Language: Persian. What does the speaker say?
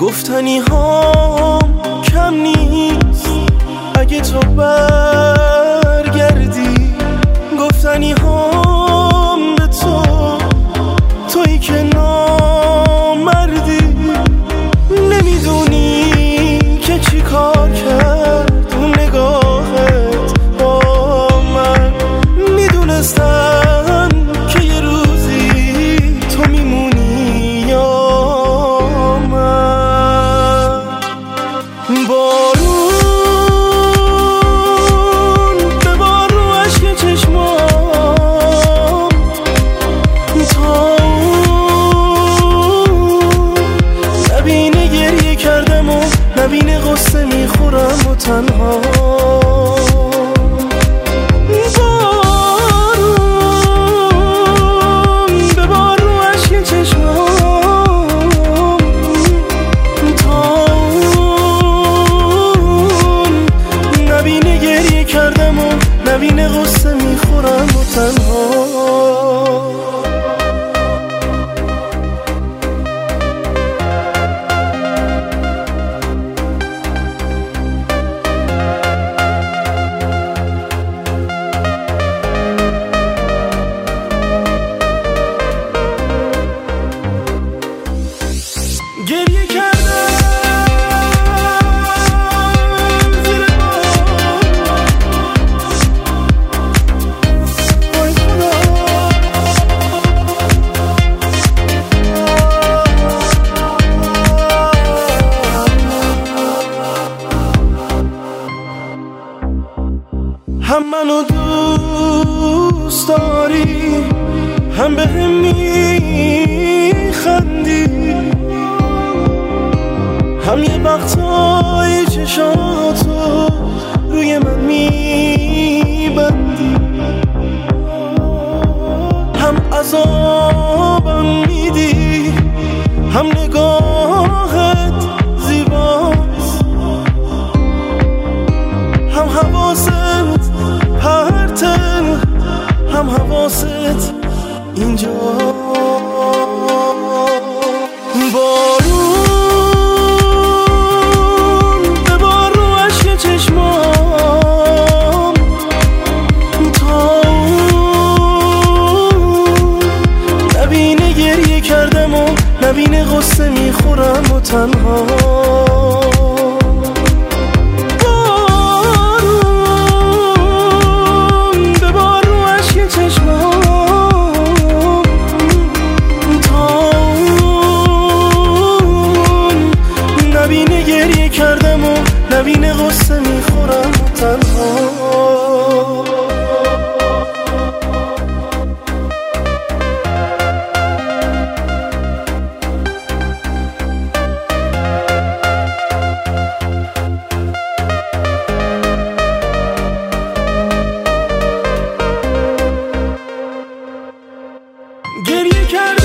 گفتنی ها کم نیست اگه تو برگردی گفتنی ها home. هم منو دوست داری هم به میخندی هم یه وقتای چشاتو روی من میبندی هم عذابم میدی هم نگاه اینجا بارون به بار رو عشق چشمام تا نبینه گریه کردم و نبینه غصه میخورم تنها کردم و نبین غصه میخورم تنها گریه کردم